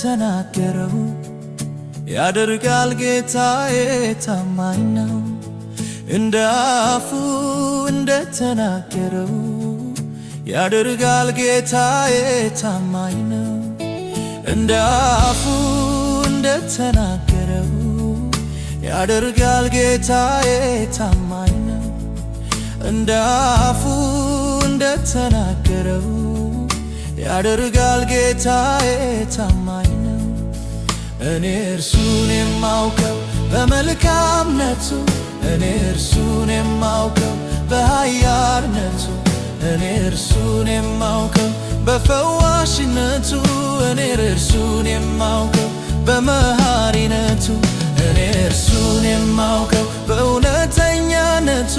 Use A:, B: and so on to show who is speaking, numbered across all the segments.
A: ተናገረው ያደርጋል ጌታዬ ታማኝ ነው፣ እንደ አፉ እንደ ተናገረው ያደርጋል ጌታዬ ታማኝ ነው፣ እንደ አፉ እንደ ተናገረው ያደርጋል ጌታዬ ታማኝ ነው፣ እንደ አፉ እንደ ተናገረው ያደርጋል ጌታዬ ታማኝ ነው። እኔ እርሱን የማውቀው በመልካምነቱ እኔ እርሱን የማውቀው በኃያልነቱ እኔ እርሱን የማውቀው በፈዋሽነቱ እኔ እርሱን የማውቀው በመሃሪነቱ እኔ እርሱን የማውቀው በእውነተኛነቱ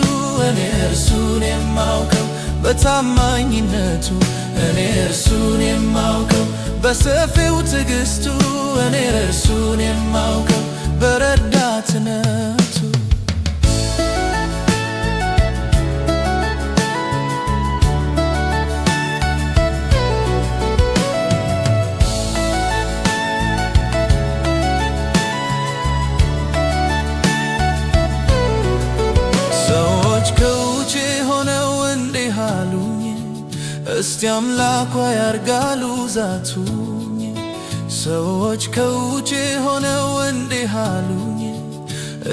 A: እኔ እርሱን በታማኝነቱ እኔ እርሱን የማውቀው በሰፊው ትዕግስቱ እኔ እርሱን የማውቀው እስቲ አምላኳ ያርጋሉ ዛቱኝ ሰዎች ከውጭ ሆነው እንዲህ አሉኝ።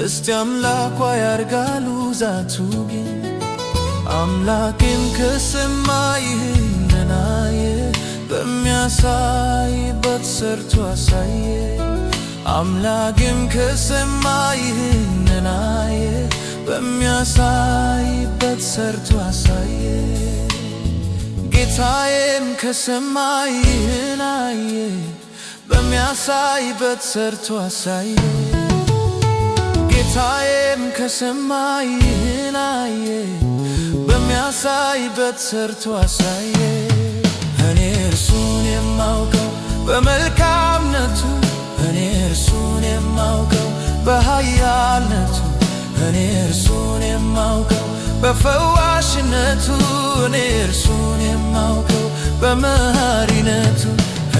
A: እስቲ አምላኳ ያርጋሉ ዛቱኝ አምላኬም ከሰማይ ይህንን አየ፣ በሚያሳይበት ሰርቶ አሳየ። አምላኬም ከሰማ ይህንን አየ፣ በሚያሳይበት ሰርቶ አሳየ። ጌታዬም ከሰማይ ይህን አየ፣ በሚያሳይበት ሰርቶ አሳየ። ጌታዬም ከሰማይ ይህን አየ፣ በሚያሳይበት ሰርቶ አሳየ። እኔ እርሱን የማውቀው በመልካምነቱ፣ እኔ እርሱን የማውቀው በኃያልነቱ፣ እኔ እርሱን የማውቀው በፈዋሽነቱ፣ እኔ እርሱን የማውቀው በመሃሪነቱ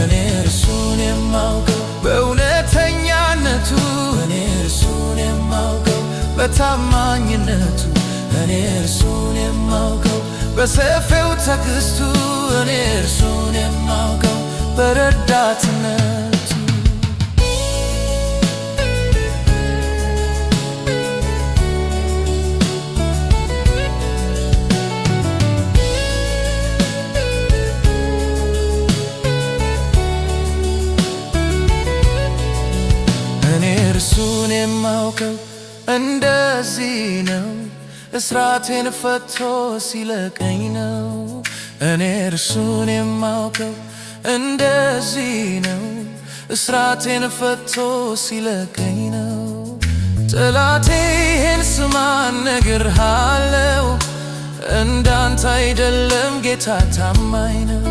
A: እኔ እርሱን የማውቀው በእውነተኛነቱ እኔ እርሱን የማውቀው በታማኝነቱ እኔ እርሱን የማውቀው በሰፊው ትዕግስቱ እኔ እርሱን የማውቀው በረዳትነት እርሱን የማውቀው እንደዚህ ነው፣ እስራቴን ፈቶ ሲለቀኝ ነው። እኔ እርሱን የማውቀው እንደዚህ ነው፣ እስራቴን ፈቶ ሲለቀኝ ነው። ጠላቴ ይህን ስማ እነግርሃለው፣ እንዳንተ አይደለም ጌታ ታማኝ ነው።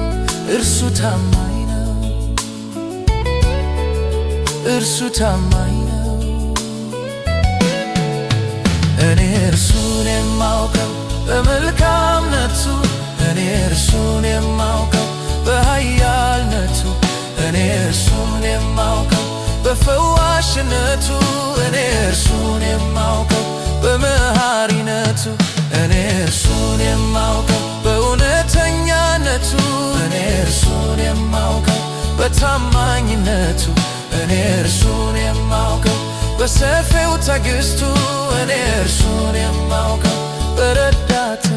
A: እርሱ ታማኝ ነው። እርሱ ታማኝ ነው። እኔ እርሱን የማውቀው በመልካምነቱ እኔ እርሱን የማውቀው በኃያልነቱ እኔ እርሱን የማውቀው በፈዋሽነቱ እኔ እርሱን የማውቀው በመሃሪነቱ እኔ እርሱን የማውቀው በእውነተኛነቱ እኔ እርሱን የማውቀው በታማኝነቱ እኔ እርሱን የማውቀው በሰፊ ትዕግስቱ እኔ እርሱን የማውቀው በረዳት